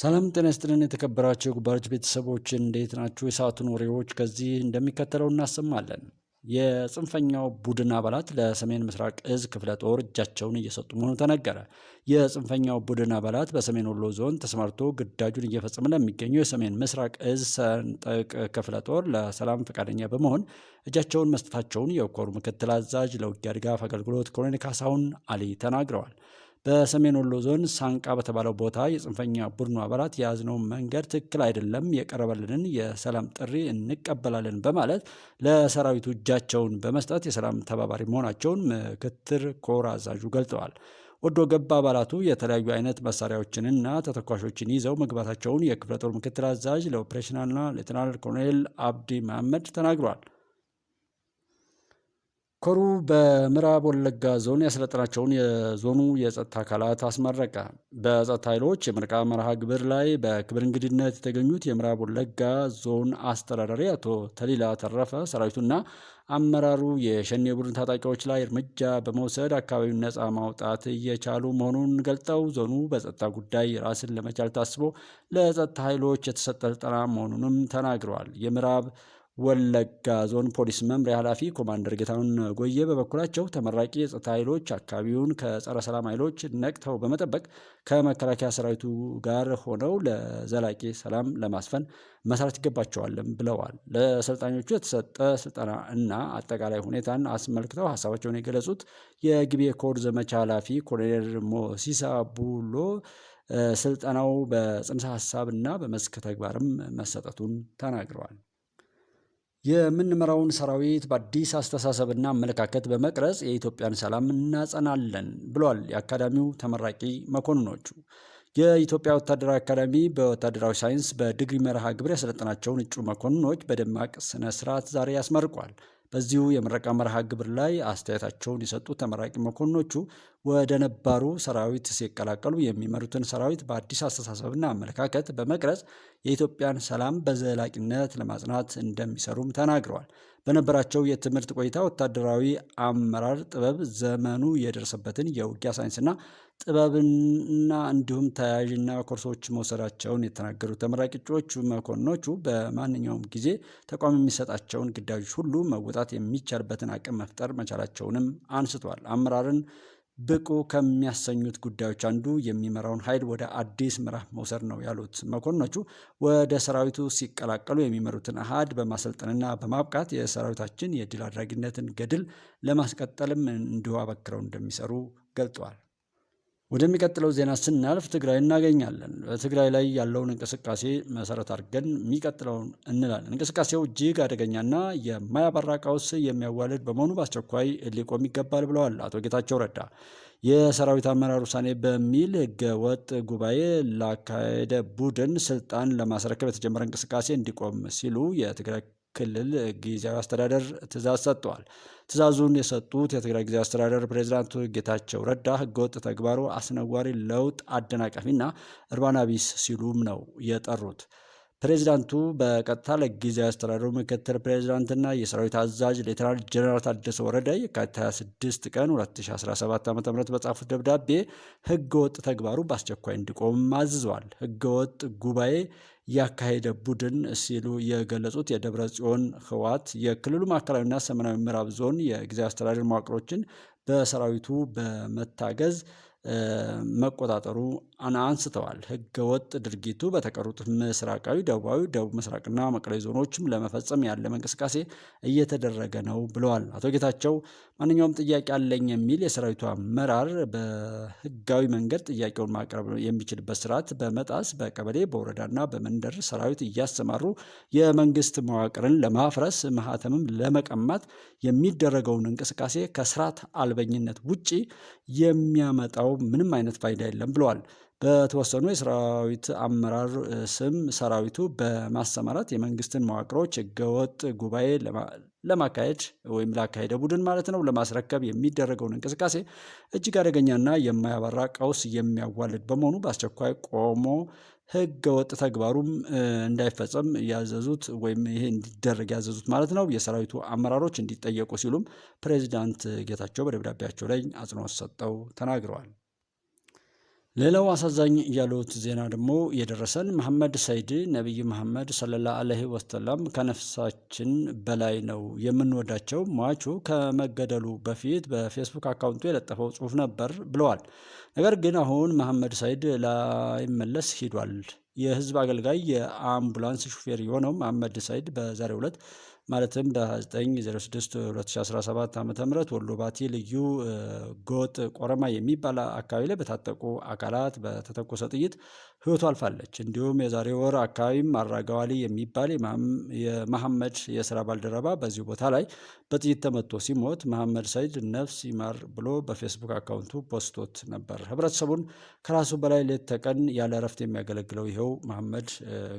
ሰላም ጤና ይስጥልን የተከበራቸው የጉባኤዎች ቤተሰቦች እንዴት ናችሁ? የሰዓቱን ወሬዎች ከዚህ እንደሚከተለው እናሰማለን። የጽንፈኛው ቡድን አባላት ለሰሜን ምስራቅ እዝ ክፍለ ጦር እጃቸውን እየሰጡ መሆኑ ተነገረ። የጽንፈኛው ቡድን አባላት በሰሜን ወሎ ዞን ተሰማርቶ ግዳጁን እየፈጸመ ለሚገኘው የሰሜን ምስራቅ እዝ ሰንጠቅ ክፍለ ጦር ለሰላም ፈቃደኛ በመሆን እጃቸውን መስጠታቸውን የኮሩ ምክትል አዛዥ ለውጊያ ድጋፍ አገልግሎት ኮሎኔል ካሳሁን አሊ ተናግረዋል። በሰሜን ወሎ ዞን ሳንቃ በተባለው ቦታ የጽንፈኛ ቡድኑ አባላት የያዝነውን መንገድ ትክክል አይደለም፣ የቀረበልንን የሰላም ጥሪ እንቀበላለን በማለት ለሰራዊቱ እጃቸውን በመስጠት የሰላም ተባባሪ መሆናቸውን ምክትል ኮር አዛዡ ገልጠዋል። ወዶ ገባ አባላቱ የተለያዩ አይነት መሳሪያዎችንና ተተኳሾችን ይዘው መግባታቸውን የክፍለ ጦር ምክትል አዛዥ ለኦፕሬሽናልና ሌተናል ኮሎኔል አብዲ መሐመድ ተናግሯል። ኮሩ በምዕራብ ወለጋ ዞን ያሰለጠናቸውን የዞኑ የጸጥታ አካላት አስመረቀ። በጸጥታ ኃይሎች የምረቃ መርሃ ግብር ላይ በክብር እንግድነት የተገኙት የምዕራብ ወለጋ ዞን አስተዳዳሪ አቶ ተሊላ ተረፈ ሰራዊቱና አመራሩ የሸኔ ቡድን ታጣቂዎች ላይ እርምጃ በመውሰድ አካባቢውን ነፃ ማውጣት እየቻሉ መሆኑን ገልጠው ዞኑ በጸጥታ ጉዳይ ራስን ለመቻል ታስቦ ለጸጥታ ኃይሎች የተሰጠ ስልጠና መሆኑንም ተናግረዋል። የምዕራብ ወለጋ ዞን ፖሊስ መምሪያ ኃላፊ ኮማንደር ጌታሁን ጎየ በበኩላቸው ተመራቂ የጸጥታ ኃይሎች አካባቢውን ከጸረ ሰላም ኃይሎች ነቅተው በመጠበቅ ከመከላከያ ሰራዊቱ ጋር ሆነው ለዘላቂ ሰላም ለማስፈን መስራት ይገባቸዋልም ብለዋል። ለሰልጣኞቹ የተሰጠ ስልጠና እና አጠቃላይ ሁኔታን አስመልክተው ሀሳባቸውን የገለጹት የግቤ ኮር ዘመቻ ኃላፊ ኮሎኔል ሞሲሳ ቡሎ ስልጠናው በጽንሰ ሀሳብ እና በመስክ ተግባርም መሰጠቱን ተናግረዋል። የምንመራውን ሰራዊት በአዲስ አስተሳሰብና አመለካከት በመቅረጽ የኢትዮጵያን ሰላም እናጸናለን ብሏል የአካዳሚው ተመራቂ መኮንኖቹ። የኢትዮጵያ ወታደራዊ አካዳሚ በወታደራዊ ሳይንስ በድግሪ መርሃ ግብር ያሰለጠናቸውን እጩ መኮንኖች በደማቅ ስነ ስርዓት ዛሬ ያስመርቋል። በዚሁ የምረቃ መርሃ ግብር ላይ አስተያየታቸውን የሰጡ ተመራቂ መኮንኖቹ ወደ ነባሩ ሰራዊት ሲቀላቀሉ የሚመሩትን ሰራዊት በአዲስ አስተሳሰብና አመለካከት በመቅረጽ የኢትዮጵያን ሰላም በዘላቂነት ለማጽናት እንደሚሰሩም ተናግረዋል። በነበራቸው የትምህርት ቆይታ ወታደራዊ አመራር ጥበብ ዘመኑ የደረሰበትን የውጊያ ሳይንስና ጥበብና እንዲሁም ተያያዥና ኮርሶች መውሰዳቸውን የተናገሩት ተመራቂ እጩዎች መኮንኖቹ በማንኛውም ጊዜ ተቋም የሚሰጣቸውን ግዳጆች ሁሉ መወጣት የሚቻልበትን አቅም መፍጠር መቻላቸውንም አንስቷል። አመራርን ብቁ ከሚያሰኙት ጉዳዮች አንዱ የሚመራውን ኃይል ወደ አዲስ ምዕራፍ መውሰድ ነው ያሉት መኮንኖቹ ወደ ሰራዊቱ ሲቀላቀሉ የሚመሩትን አሃድ በማሰልጠንና በማብቃት የሰራዊታችን የድል አድራጊነትን ገድል ለማስቀጠልም እንዲሁ አበክረው እንደሚሰሩ ገልጠዋል። ወደሚቀጥለው ዜና ስናልፍ ትግራይ እናገኛለን። በትግራይ ላይ ያለውን እንቅስቃሴ መሰረት አድርገን የሚቀጥለውን እንላለን። እንቅስቃሴው እጅግ አደገኛና የማያባራ ቀውስ የሚያዋልድ በመሆኑ በአስቸኳይ ሊቆም ይገባል ብለዋል አቶ ጌታቸው ረዳ። የሰራዊት አመራር ውሳኔ በሚል ህገ ወጥ ጉባኤ ላካሄደ ቡድን ስልጣን ለማስረከብ የተጀመረ እንቅስቃሴ እንዲቆም ሲሉ የትግራይ ክልል ጊዜያዊ አስተዳደር ትእዛዝ ሰጥተዋል። ትእዛዙን የሰጡት የትግራይ ጊዜያዊ አስተዳደር ፕሬዚዳንቱ ጌታቸው ረዳ ህገወጥ ተግባሩ አስነዋሪ፣ ለውጥ አደናቃፊና እርባና ቢስ ሲሉም ነው የጠሩት። ፕሬዚዳንቱ በቀጥታ ለጊዜያዊ አስተዳደሩ ምክትል ፕሬዚዳንትና የሰራዊት አዛዥ ሌተናል ጀነራል ታደሰ ወረደ የካቲት 26 ቀን 2017 ዓ ም በጻፉት ደብዳቤ ህገወጥ ተግባሩ በአስቸኳይ እንዲቆም አዝዘዋል። ወጥ ጉባኤ ያካሄደ ቡድን ሲሉ የገለጹት የደብረ ጽዮን ህወሓት የክልሉ ማዕከላዊና ሰሜናዊ ምዕራብ ዞን የጊዜያዊ አስተዳደር መዋቅሮችን በሰራዊቱ በመታገዝ መቆጣጠሩ አንስተዋል። ህገወጥ ድርጊቱ በተቀሩት ምስራቃዊ፣ ደቡባዊ፣ ደቡብ ምስራቅና ማዕከላዊ ዞኖችም ለመፈጸም ያለ እንቅስቃሴ እየተደረገ ነው ብለዋል። አቶ ጌታቸው ማንኛውም ጥያቄ አለኝ የሚል የሰራዊቱ አመራር በህጋዊ መንገድ ጥያቄውን ማቅረብ የሚችልበት ስርዓት በመጣስ በቀበሌ በወረዳና በመንደር ሰራዊት እያሰማሩ የመንግስት መዋቅርን ለማፍረስ ማህተምም ለመቀማት የሚደረገውን እንቅስቃሴ ከስርዓት አልበኝነት ውጪ የሚያመጣው ምንም አይነት ፋይዳ የለም ብለዋል። በተወሰኑ የሰራዊት አመራር ስም ሰራዊቱ በማሰማራት የመንግስትን መዋቅሮች ህገወጥ ጉባኤ ለማካሄድ ወይም ላካሄደ ቡድን ማለት ነው ለማስረከብ የሚደረገውን እንቅስቃሴ እጅግ አደገኛና የማያባራ ቀውስ የሚያዋልድ በመሆኑ በአስቸኳይ ቆሞ ህገ ወጥ ተግባሩም እንዳይፈጸም ያዘዙት ወይም ይሄ እንዲደረግ ያዘዙት ማለት ነው የሰራዊቱ አመራሮች እንዲጠየቁ ሲሉም ፕሬዚዳንት ጌታቸው በደብዳቤያቸው ላይ አጽንኦት ሰጠው ተናግረዋል። ሌላው አሳዛኝ ያሉት ዜና ደግሞ የደረሰን መሐመድ ሰይድ ነቢይ መሐመድ ሰለላ አለህ ወሰላም ከነፍሳችን በላይ ነው የምንወዳቸው ሟቹ ከመገደሉ በፊት በፌስቡክ አካውንቱ የለጠፈው ጽሑፍ ነበር ብለዋል። ነገር ግን አሁን መሐመድ ሰይድ ላይመለስ ሂዷል። የህዝብ አገልጋይ የአምቡላንስ ሹፌር የሆነው መሐመድ ሰይድ በዛሬው ዕለት ማለትም በ 06 2017 ዓ ም ወሎ ባቲ ልዩ ጎጥ ቆረማ የሚባል አካባቢ ላይ በታጠቁ አካላት በተተኮሰ ጥይት ህይወቱ አልፋለች። እንዲሁም የዛሬ ወር አካባቢም አራጋዋሊ የሚባል የመሐመድ የስራ ባልደረባ በዚሁ ቦታ ላይ በጥይት ተመቶ ሲሞት መሐመድ ሰይድ ነፍስ ይማር ብሎ በፌስቡክ አካውንቱ ፖስቶት ነበር። ህብረተሰቡን ከራሱ በላይ ሌት ተቀን ያለ እረፍት የሚያገለግለው ይኸው መሐመድ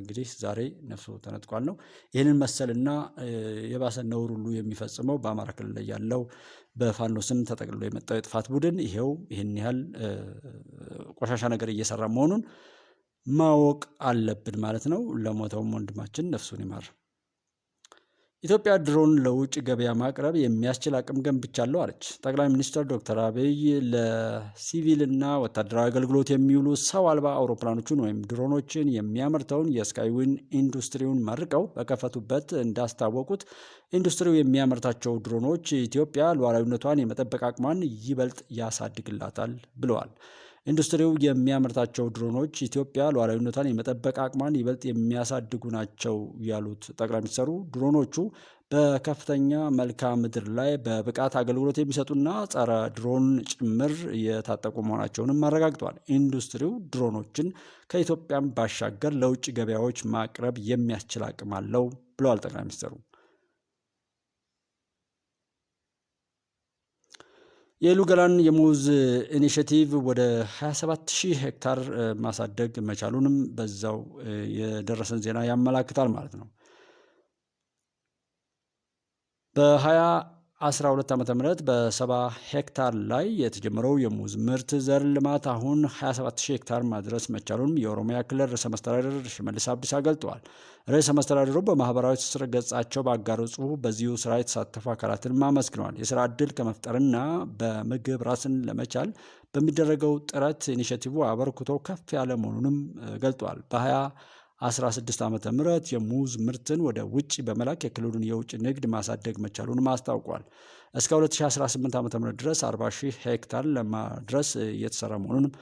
እንግዲህ ዛሬ ነፍሱ ተነጥቋል ነው። ይህንን መሰልና የባሰ ነውር ሁሉ የሚፈጽመው በአማራ ክልል ላይ ያለው በፋኖ ስም ተጠቅልሎ የመጣው የጥፋት ቡድን ይኸው ይህን ያህል ቆሻሻ ነገር እየሰራ መሆኑን ማወቅ አለብን ማለት ነው። ለሞተውም ወንድማችን ነፍሱን ይማር። ኢትዮጵያ ድሮን ለውጭ ገበያ ማቅረብ የሚያስችል አቅም ገንብቻለሁ አለች። ጠቅላይ ሚኒስትር ዶክተር አብይ ለሲቪልና ወታደራዊ አገልግሎት የሚውሉ ሰው አልባ አውሮፕላኖችን ወይም ድሮኖችን የሚያመርተውን የስካይዊን ኢንዱስትሪውን መርቀው በከፈቱበት እንዳስታወቁት ኢንዱስትሪው የሚያመርታቸው ድሮኖች ኢትዮጵያ ሉዓላዊነቷን የመጠበቅ አቅሟን ይበልጥ ያሳድግላታል ብለዋል። ኢንዱስትሪው የሚያመርታቸው ድሮኖች ኢትዮጵያ ሉዓላዊነቷን የመጠበቅ አቅሟን ይበልጥ የሚያሳድጉ ናቸው ያሉት ጠቅላይ ሚኒስትሩ ድሮኖቹ በከፍተኛ መልክዓ ምድር ላይ በብቃት አገልግሎት የሚሰጡና ጸረ ድሮን ጭምር የታጠቁ መሆናቸውንም አረጋግጠዋል። ኢንዱስትሪው ድሮኖችን ከኢትዮጵያም ባሻገር ለውጭ ገበያዎች ማቅረብ የሚያስችል አቅም አለው ብለዋል ጠቅላይ ሚኒስትሩ። የሉገላን የሙዝ ኢኒሽቲቭ ወደ 27000 ሄክታር ማሳደግ መቻሉንም በዛው የደረሰን ዜና ያመላክታል ማለት ነው። በ20 12 ዓ ም በ በሰባ ሄክታር ላይ የተጀመረው የሙዝ ምርት ዘር ልማት አሁን 270 ሄክታር ማድረስ መቻሉንም የኦሮሚያ ክልል ርዕሰ መስተዳደር ሽመልስ አብዲሳ ገልጠዋል። ርዕሰ መስተዳደሩ በማህበራዊ ትስስር ገጻቸው ባጋሩ ጽሑፍ በዚሁ ስራ የተሳተፉ አካላትንም አመስግነዋል። የስራ ዕድል ከመፍጠርና በምግብ ራስን ለመቻል በሚደረገው ጥረት ኢኒሽቲቭ አበርክቶ ከፍ ያለ መሆኑንም ገልጧል በሀያ 16 ዓ ም የሙዝ ምርትን ወደ ውጭ በመላክ የክልሉን የውጭ ንግድ ማሳደግ መቻሉንም አስታውቋል። እስከ 2018 ዓ ም ድረስ 40 ሺህ ሄክታር ለማድረስ እየተሰራ መሆኑንም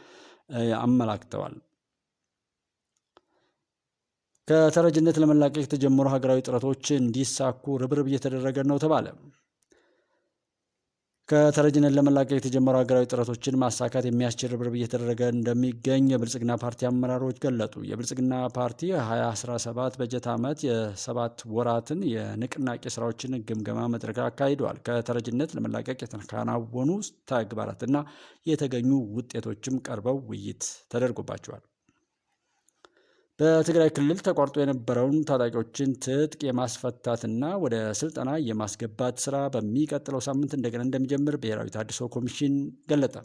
አመላክተዋል። ከተረጅነት ለመላቀቅ የተጀመሩ ሀገራዊ ጥረቶች እንዲሳኩ ርብርብ እየተደረገ ነው ተባለ። ከተረጅነት ለመላቀቅ የተጀመሩ ሀገራዊ ጥረቶችን ማሳካት የሚያስችል ርብርብ እየተደረገ እንደሚገኝ የብልጽግና ፓርቲ አመራሮች ገለጡ። የብልጽግና ፓርቲ 2017 በጀት ዓመት የሰባት ወራትን የንቅናቄ ስራዎችን ግምገማ መድረክ አካሂደዋል። ከተረጅነት ለመላቀቅ የተከናወኑ ተግባራትና የተገኙ ውጤቶችም ቀርበው ውይይት ተደርጎባቸዋል። በትግራይ ክልል ተቋርጦ የነበረውን ታጣቂዎችን ትጥቅ የማስፈታትና ወደ ስልጠና የማስገባት ስራ በሚቀጥለው ሳምንት እንደገና እንደሚጀምር ብሔራዊ ተሃድሶ ኮሚሽን ገለጠ።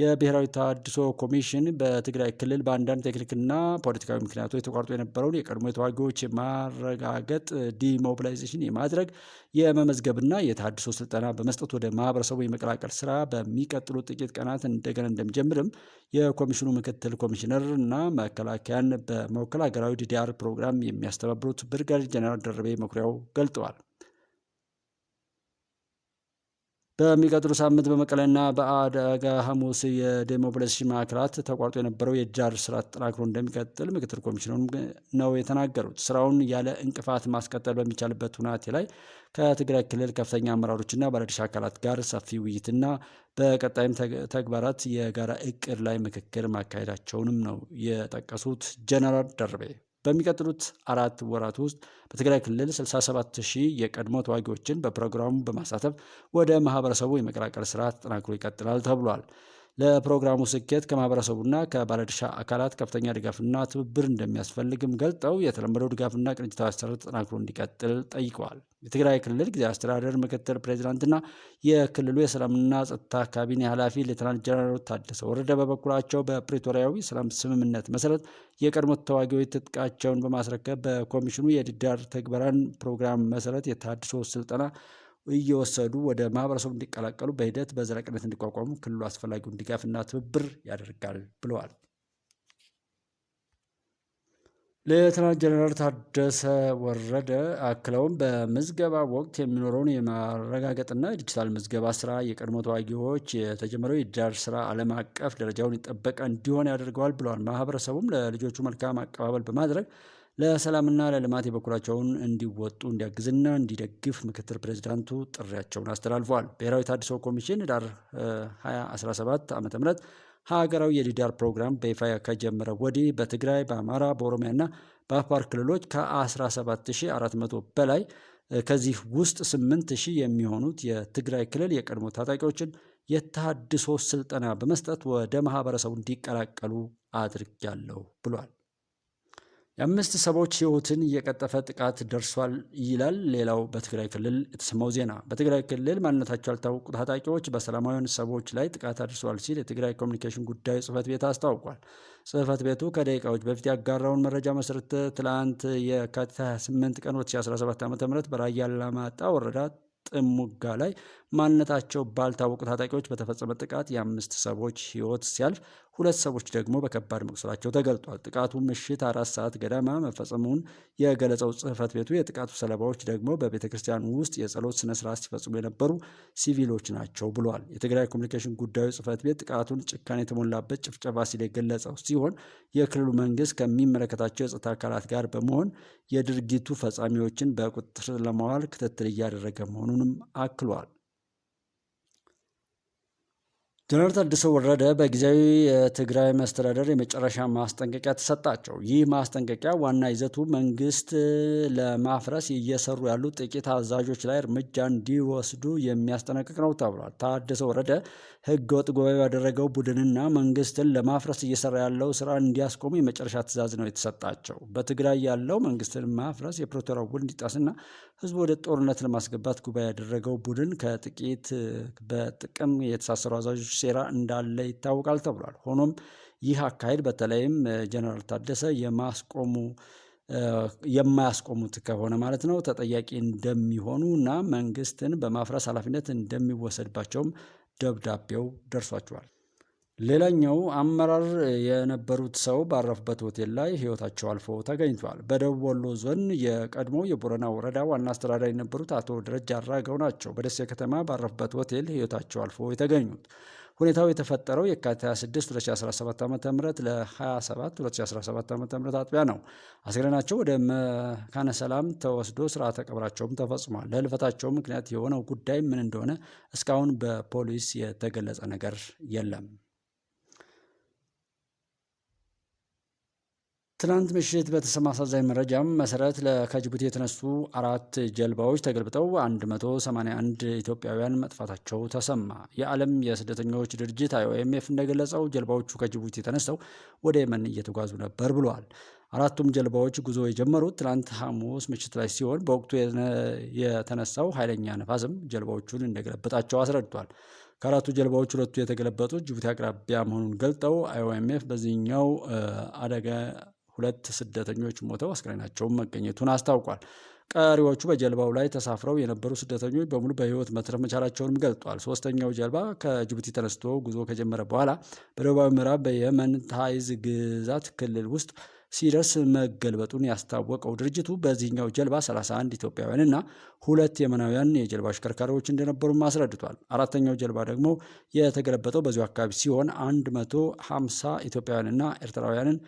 የብሔራዊ ተሃድሶ ኮሚሽን በትግራይ ክልል በአንዳንድ ቴክኒክና ፖለቲካዊ ምክንያቶች ተቋርጦ የነበረውን የቀድሞ የተዋጊዎች የማረጋገጥ ዲሞቢላይዜሽን የማድረግ የመመዝገብና የተሃድሶ ስልጠና በመስጠት ወደ ማህበረሰቡ የመቀላቀል ስራ በሚቀጥሉ ጥቂት ቀናት እንደገና እንደሚጀምርም የኮሚሽኑ ምክትል ኮሚሽነር እና መከላከያን በመወከል ሀገራዊ ዲዲአር ፕሮግራም የሚያስተባብሩት ብርጋዴር ጀነራል ደረቤ መኩሪያው ገልጠዋል። በሚቀጥሉ ሳምንት በመቀለና በአደጋ ሐሙስ የዴሞክራሲ ማዕከላት ተቋርጦ የነበረው የጃር ስራ ተጠናክሮ እንደሚቀጥል ምክትል ኮሚሽነሩ ነው የተናገሩት። ስራውን ያለ እንቅፋት ማስቀጠል በሚቻልበት ሁናቴ ላይ ከትግራይ ክልል ከፍተኛ አመራሮችና ባለድርሻ አካላት ጋር ሰፊ ውይይትና በቀጣይም ተግባራት የጋራ እቅድ ላይ ምክክር ማካሄዳቸውንም ነው የጠቀሱት ጀነራል ደርቤ በሚቀጥሉት አራት ወራት ውስጥ በትግራይ ክልል 67 ሺህ የቀድሞ ተዋጊዎችን በፕሮግራሙ በማሳተፍ ወደ ማህበረሰቡ የመቀላቀል ስራ ተጠናክሮ ይቀጥላል ተብሏል። ለፕሮግራሙ ስኬት ከማህበረሰቡና ከባለድርሻ አካላት ከፍተኛ ድጋፍና ትብብር እንደሚያስፈልግም ገልጠው የተለመደው ድጋፍና ቅንጅታዊ አሰራር ተጠናክሮ እንዲቀጥል ጠይቀዋል። የትግራይ ክልል ጊዜ አስተዳደር ምክትል ፕሬዚዳንትና የክልሉ የሰላምና ጸጥታ ካቢኔ ኃላፊ ሌተናንት ጀነራል ታደሰ ወረደ በበኩላቸው በፕሪቶሪያዊ ሰላም ስምምነት መሰረት የቀድሞ ተዋጊዎች ትጥቃቸውን በማስረከብ በኮሚሽኑ የድዳር ተግበራን ፕሮግራም መሰረት የታድሶ ስልጠና እየወሰዱ ወደ ማህበረሰቡ እንዲቀላቀሉ በሂደት በዘላቂነት እንዲቋቋሙ ክልሉ አስፈላጊውን ድጋፍና ትብብር ያደርጋል ብለዋል። ሌተናንት ጀነራል ታደሰ ወረደ አክለውም በምዝገባ ወቅት የሚኖረውን የማረጋገጥና የዲጂታል ምዝገባ ስራ የቀድሞ ተዋጊዎች የተጀመረው የዳር ስራ ዓለም አቀፍ ደረጃውን የጠበቀ እንዲሆን ያደርገዋል ብለዋል። ማህበረሰቡም ለልጆቹ መልካም አቀባበል በማድረግ ለሰላምና ለልማት የበኩላቸውን እንዲወጡ እንዲያግዝና እንዲደግፍ ምክትል ፕሬዚዳንቱ ጥሪያቸውን አስተላልፈዋል። ብሔራዊ ታድሶ ኮሚሽን ዳር 2017 ዓ ም ሀገራዊ የዲዳር ፕሮግራም በይፋ ከጀመረ ወዲህ በትግራይ፣ በአማራ፣ በኦሮሚያና በአፋር ክልሎች ከ17400 በላይ ከዚህ ውስጥ 8000 የሚሆኑት የትግራይ ክልል የቀድሞ ታጣቂዎችን የታድሶ ስልጠና በመስጠት ወደ ማህበረሰቡ እንዲቀላቀሉ አድርጊያለሁ ብሏል። የአምስት ሰዎች ሕይወትን የቀጠፈ ጥቃት ደርሷል ይላል ሌላው በትግራይ ክልል የተሰማው ዜና። በትግራይ ክልል ማንነታቸው ያልታወቁ ታጣቂዎች በሰላማዊያን ሰዎች ላይ ጥቃት አድርሰዋል ሲል የትግራይ ኮሚኒኬሽን ጉዳይ ጽህፈት ቤት አስታውቋል። ጽህፈት ቤቱ ከደቂቃዎች በፊት ያጋራውን መረጃ መሰረት ትላንት የካቲት 28 ቀን 2017 ዓ ም በራያ ላማጣ ወረዳ ጥሙጋ ላይ ማንነታቸው ባልታወቁ ታጣቂዎች በተፈጸመ ጥቃት የአምስት ሰዎች ሕይወት ሲያልፍ ሁለት ሰዎች ደግሞ በከባድ መቁሰላቸው ተገልጧል። ጥቃቱ ምሽት አራት ሰዓት ገደማ መፈጸሙን የገለጸው ጽህፈት ቤቱ የጥቃቱ ሰለባዎች ደግሞ በቤተ ክርስቲያኑ ውስጥ የጸሎት ስነ ስርዓት ሲፈጽሙ የነበሩ ሲቪሎች ናቸው ብሏል። የትግራይ ኮሚኒኬሽን ጉዳዩ ጽህፈት ቤት ጥቃቱን ጭካኔ የተሞላበት ጭፍጨፋ ሲል የገለጸው ሲሆን የክልሉ መንግስት ከሚመለከታቸው የጸጥታ አካላት ጋር በመሆን የድርጊቱ ፈጻሚዎችን በቁጥጥር ለማዋል ክትትል እያደረገ መሆኑንም አክሏል። ጀነራል ታደሰ ወረደ በጊዜያዊ የትግራይ መስተዳደር የመጨረሻ ማስጠንቀቂያ ተሰጣቸው። ይህ ማስጠንቀቂያ ዋና ይዘቱ መንግስት ለማፍረስ እየሰሩ ያሉ ጥቂት አዛዦች ላይ እርምጃ እንዲወስዱ የሚያስጠነቅቅ ነው ተብሏል። ታደሰ ወረደ ህገ ወጥ ጉባኤ ያደረገው ቡድንና መንግስትን ለማፍረስ እየሰራ ያለው ስራ እንዲያስቆሙ የመጨረሻ ትእዛዝ ነው የተሰጣቸው። በትግራይ ያለው መንግስትን ማፍረስ የፕሪቶሪያው እንዲጣስና ህዝቡ ወደ ጦርነት ለማስገባት ጉባኤ ያደረገው ቡድን ከጥቂት በጥቅም የተሳሰሩ አዛዦች ሴራ እንዳለ ይታወቃል ተብሏል። ሆኖም ይህ አካሄድ በተለይም ጀነራል ታደሰ የማስቆሙ የማያስቆሙት ከሆነ ማለት ነው ተጠያቂ እንደሚሆኑ እና መንግስትን በማፍረስ ኃላፊነት እንደሚወሰድባቸውም ደብዳቤው ደርሷቸዋል። ሌላኛው አመራር የነበሩት ሰው ባረፉበት ሆቴል ላይ ህይወታቸው አልፎ ተገኝቷል። በደቡብ ወሎ ዞን የቀድሞ የቦረና ወረዳ ዋና አስተዳዳሪ የነበሩት አቶ ደረጃ አራገው ናቸው በደሴ ከተማ ባረፉበት ሆቴል ህይወታቸው አልፎ የተገኙት። ሁኔታው የተፈጠረው የካቲት 26 2017 ዓ ም ለ27 2017 ዓ ም አጥቢያ ነው። አስክሬናቸው ወደ መካነ ሰላም ተወስዶ ስርዓተ ቀብራቸውም ተፈጽሟል። ለህልፈታቸው ምክንያት የሆነው ጉዳይ ምን እንደሆነ እስካሁን በፖሊስ የተገለጸ ነገር የለም። ትናንት ምሽት በተሰማ አሳዛኝ መረጃም መሰረት ከጅቡቲ የተነሱ አራት ጀልባዎች ተገልብጠው 181 ኢትዮጵያውያን መጥፋታቸው ተሰማ። የዓለም የስደተኞች ድርጅት አይኦኤምኤፍ እንደገለጸው ጀልባዎቹ ከጅቡቲ ተነስተው ወደ የመን እየተጓዙ ነበር ብለዋል። አራቱም ጀልባዎች ጉዞ የጀመሩት ትናንት ሐሙስ ምሽት ላይ ሲሆን በወቅቱ የተነሳው ኃይለኛ ነፋስም ጀልባዎቹን እንደገለበጣቸው አስረድቷል። ከአራቱ ጀልባዎች ሁለቱ የተገለበጡት ጅቡቲ አቅራቢያ መሆኑን ገልጠው አይኦኤምኤፍ በዚህኛው አደጋ ሁለት ስደተኞች ሞተው አስክሬናቸውን መገኘቱን አስታውቋል። ቀሪዎቹ በጀልባው ላይ ተሳፍረው የነበሩ ስደተኞች በሙሉ በሕይወት መትረፍ መቻላቸውንም ገልጧል። ሶስተኛው ጀልባ ከጅቡቲ ተነስቶ ጉዞ ከጀመረ በኋላ በደቡባዊ ምዕራብ በየመን ታይዝ ግዛት ክልል ውስጥ ሲደርስ መገልበጡን ያስታወቀው ድርጅቱ በዚህኛው ጀልባ 31 እና ሁለት የመናውያን የጀልባ አሽከርካሪዎች እንደነበሩም አስረድቷል። አራተኛው ጀልባ ደግሞ የተገለበጠው በዚሁ አካባቢ ሲሆን 150 ኢትዮጵያውያንና ኤርትራውያንን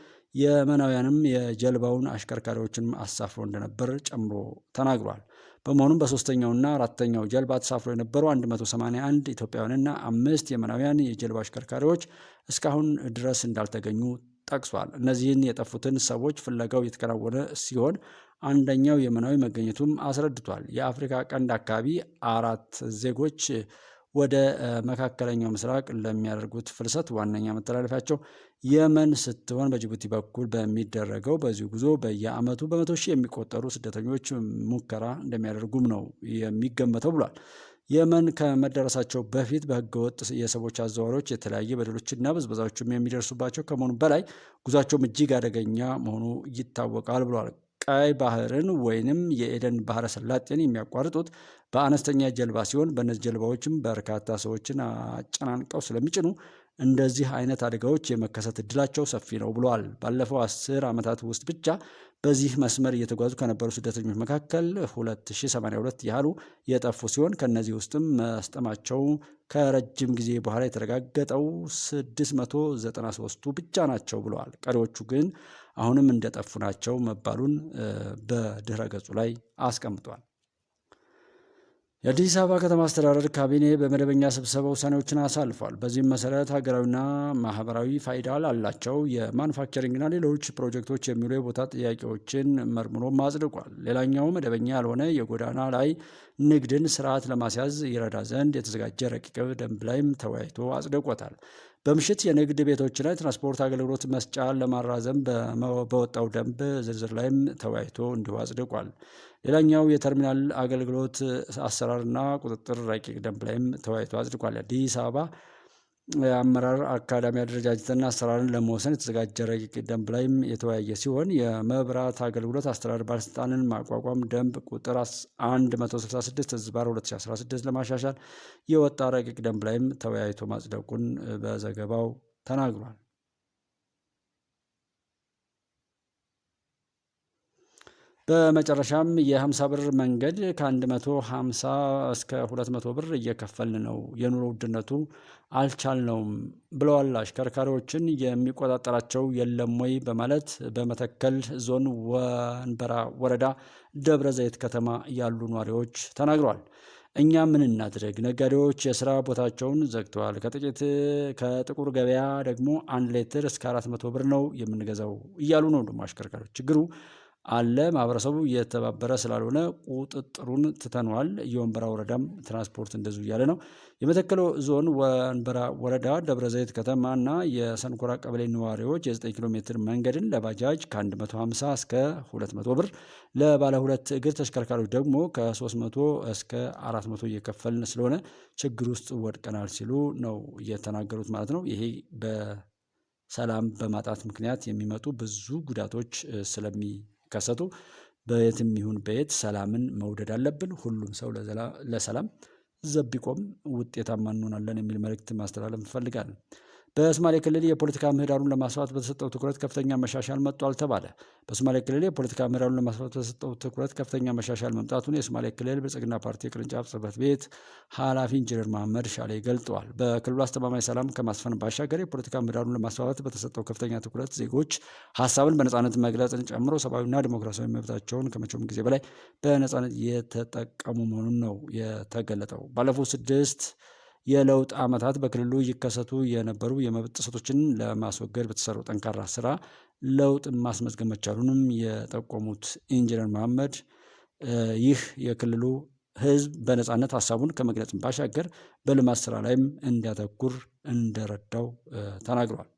የመናውያንም የጀልባውን አሽከርካሪዎችን አሳፍሮ እንደነበር ጨምሮ ተናግሯል። በመሆኑም በሶስተኛውና አራተኛው ጀልባ ተሳፍሮ የነበሩ 181 ኢትዮጵያውያንና አምስት የመናውያን የጀልባ አሽከርካሪዎች እስካሁን ድረስ እንዳልተገኙ ጠቅሷል። እነዚህን የጠፉትን ሰዎች ፍለጋው የተከናወነ ሲሆን አንደኛው የመናዊ መገኘቱም አስረድቷል። የአፍሪካ ቀንድ አካባቢ አራት ዜጎች ወደ መካከለኛው ምስራቅ ለሚያደርጉት ፍልሰት ዋነኛ መተላለፊያቸው የመን ስትሆን በጅቡቲ በኩል በሚደረገው በዚሁ ጉዞ በየዓመቱ በመቶ ሺህ የሚቆጠሩ ስደተኞች ሙከራ እንደሚያደርጉም ነው የሚገመተው ብሏል። የመን ከመደረሳቸው በፊት በህገወጥ የሰዎች አዘዋዋሪዎች የተለያየ በደሎችና ብዝበዛዎችም የሚደርሱባቸው ከመሆኑ በላይ ጉዟቸውም እጅግ አደገኛ መሆኑ ይታወቃል ብሏል። ቀይ ባህርን ወይንም የኤደን ባህረ ሰላጤን የሚያቋርጡት በአነስተኛ ጀልባ ሲሆን በእነዚህ ጀልባዎችም በርካታ ሰዎችን አጨናንቀው ስለሚጭኑ እንደዚህ አይነት አደጋዎች የመከሰት እድላቸው ሰፊ ነው ብለዋል። ባለፈው አስር ዓመታት ውስጥ ብቻ በዚህ መስመር እየተጓዙ ከነበሩ ስደተኞች መካከል 2082 ያህሉ የጠፉ ሲሆን ከእነዚህ ውስጥም መስጠማቸው ከረጅም ጊዜ በኋላ የተረጋገጠው 693ቱ ብቻ ናቸው ብለዋል። ቀሪዎቹ ግን አሁንም እንደጠፉ ናቸው መባሉን በድረ ገጹ ላይ አስቀምጧል። የአዲስ አበባ ከተማ አስተዳደር ካቢኔ በመደበኛ ስብሰባ ውሳኔዎችን አሳልፏል። በዚህም መሰረት ሀገራዊና ማህበራዊ ፋይዳ ላላቸው የማኑፋክቸሪንግና ሌሎች ፕሮጀክቶች የሚውሉ የቦታ ጥያቄዎችን መርምሮም አጽድቋል። ሌላኛው መደበኛ ያልሆነ የጎዳና ላይ ንግድን ስርዓት ለማስያዝ ይረዳ ዘንድ የተዘጋጀ ረቂቅ ደንብ ላይም ተወያይቶ አጽድቆታል። በምሽት የንግድ ቤቶች ላይ ትራንስፖርት አገልግሎት መስጫ ለማራዘም በወጣው ደንብ ዝርዝር ላይም ተወያይቶ እንዲሁ አጽድቋል። ሌላኛው የተርሚናል አገልግሎት አሰራርና ቁጥጥር ረቂቅ ደንብ ላይም ተወያይቶ አጽድቋል። አዲስ አበባ አመራር አካዳሚ አደረጃጀትና አሰራርን ለመወሰን የተዘጋጀ ረቂቅ ደንብ ላይም የተወያየ ሲሆን የመብራት አገልግሎት አስተዳደር ባለስልጣንን ማቋቋም ደንብ ቁጥር 166 መቶ 2016 ለማሻሻል የወጣ ረቂቅ ደንብ ላይም ተወያይቶ ማጽደቁን በዘገባው ተናግሯል። በመጨረሻም የ50 ብር መንገድ ከ150 እስከ 200 ብር እየከፈልን ነው። የኑሮ ውድነቱ አልቻልነውም ብለዋል። አሽከርካሪዎችን የሚቆጣጠራቸው የለም ወይ በማለት በመተከል ዞን ወንበራ ወረዳ ደብረ ዘይት ከተማ ያሉ ነዋሪዎች ተናግረዋል። እኛ ምን እናድርግ? ነጋዴዎች የስራ ቦታቸውን ዘግተዋል። ከጥቂት ከጥቁር ገበያ ደግሞ አንድ ሌትር እስከ አራት መቶ ብር ነው የምንገዛው እያሉ ነው። ደሞ አሽከርካሪዎች ችግሩ አለ። ማህበረሰቡ እየተባበረ ስላልሆነ ቁጥጥሩን ትተነዋል። የወንበራ ወረዳም ትራንስፖርት እንደዚሁ እያለ ነው። የመተከል ዞን ወንበራ ወረዳ ደብረ ዘይት ከተማ እና የሰንኮራ ቀበሌ ነዋሪዎች የ9 ኪሎ ሜትር መንገድን ለባጃጅ ከ150 እስከ 200 ብር፣ ለባለ ሁለት እግር ተሽከርካሪዎች ደግሞ ከ300 እስከ 400 እየከፈልን ስለሆነ ችግር ውስጥ ወድቀናል ሲሉ ነው የተናገሩት ማለት ነው። ይሄ በሰላም በማጣት ምክንያት የሚመጡ ብዙ ጉዳቶች ስለሚ ሲከሰቱ በየትም ይሁን በየት ሰላምን መውደድ አለብን። ሁሉም ሰው ለሰላም ዘብ ቢቆም ውጤታማ እንሆናለን የሚል መልእክት ማስተላለፍ እንፈልጋለን። በሶማሌ ክልል የፖለቲካ ምህዳሩን ለማስፋት በተሰጠው ትኩረት ከፍተኛ መሻሻል መጥቷል ተባለ። በሶማሌ ክልል የፖለቲካ ምህዳሩን ለማስፋት በተሰጠው ትኩረት ከፍተኛ መሻሻል መምጣቱን የሶማሌ ክልል ብልጽግና ፓርቲ ቅርንጫፍ ጽህፈት ቤት ኃላፊ ኢንጂነር መሐመድ ሻሌ ገልጠዋል። በክልሉ አስተማማኝ ሰላም ከማስፈን ባሻገር የፖለቲካ ምህዳሩን ለማስፋት በተሰጠው ከፍተኛ ትኩረት ዜጎች ሀሳብን በነጻነት መግለጽን ጨምሮ ሰብአዊና ዲሞክራሲያዊ መብታቸውን ከመቼውም ጊዜ በላይ በነጻነት የተጠቀሙ መሆኑን ነው የተገለጠው ባለፉት ስድስት የለውጥ ዓመታት በክልሉ ይከሰቱ የነበሩ የመብት ጥሰቶችን ለማስወገድ በተሰሩ ጠንካራ ስራ ለውጥ ማስመዝገብ መቻሉንም የጠቆሙት ኢንጂነር መሐመድ ይህ የክልሉ ህዝብ በነፃነት ሀሳቡን ከመግለጽ ባሻገር በልማት ስራ ላይም እንዲያተኩር እንደረዳው ተናግሯል።